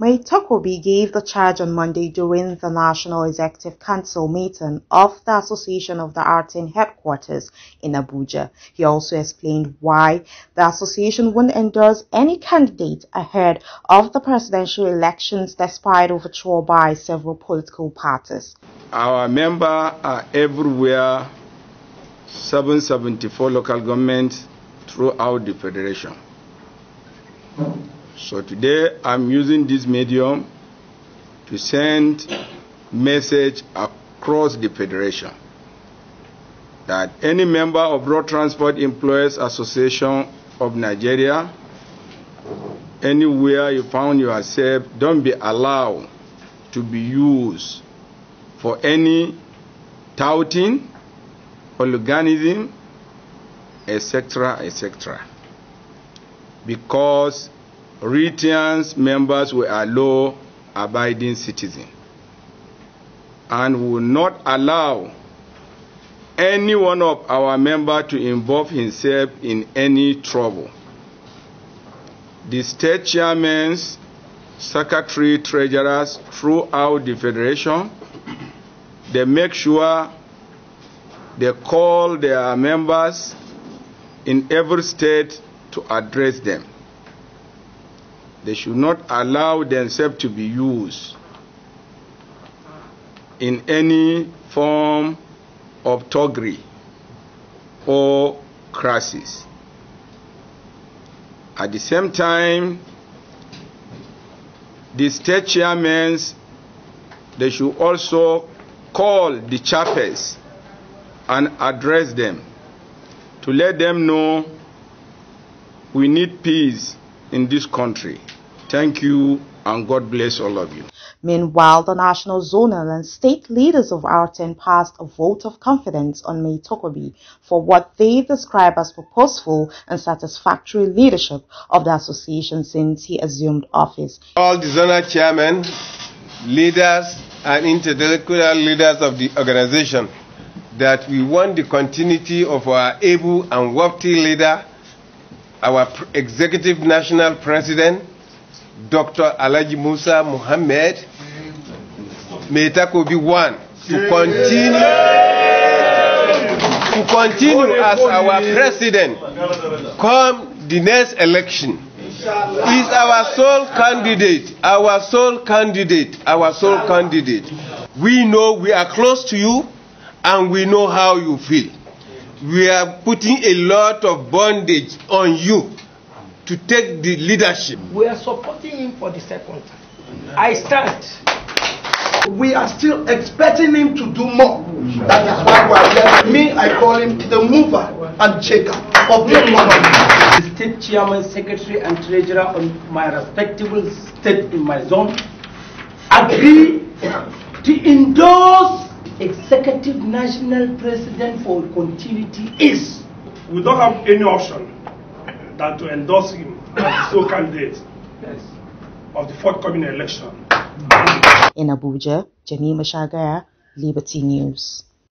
May Tokobi gave the charge on Monday during the National Executive Council meeting of the Association of the Artin headquarters in Abuja. He also explained why the association wouldn't endorse any candidate ahead of the presidential elections despite overture by several political parties. Our members are everywhere, 774 local governments throughout the federation. So today I'm using this medium to send message across the federation that any member of Road Transport Employers Association of Nigeria, anywhere you found yourself, don't be allowed to be used for any touting, organising, etc., etc. Because Retians members were a law-abiding citizen and would not allow any one of our members to involve himself in any trouble. The state chairmen, secretary, treasurers throughout the federation, they make sure they call their members in every state to address them. They should not allow themselves to be used in any form of toggery or crisis. At the same time, the state chairmen they should also call the chapters and address them to let them know we need peace in this country. Thank you and God bless all of you. Meanwhile, the national, zonal, and state leaders of Arten passed a vote of confidence on May Tokobi for what they describe as purposeful and satisfactory leadership of the association since he assumed office. All the zonal chairmen, leaders, and intellectual leaders of the organization that we want the continuity of our able and worthy leader our Executive National President, Dr. Alaji Musa Muhammad. May Tako be one to continue to continue as our president come the next election. Is our sole candidate, our sole candidate, our sole candidate. We know we are close to you and we know how you feel we are putting a lot of bondage on you to take the leadership. We are supporting him for the second time. I stand. We are still expecting him to do more. That is why we are here. Me, I call him the mover and shaker of the economy. State chairman, secretary, and treasurer on my respectable state in my zone agree to endorse executive national president for continuity is? We don't have any option than to endorse him as the sole candidate yes. of the forthcoming election. In Abuja, Janima Mashagaya, Liberty News.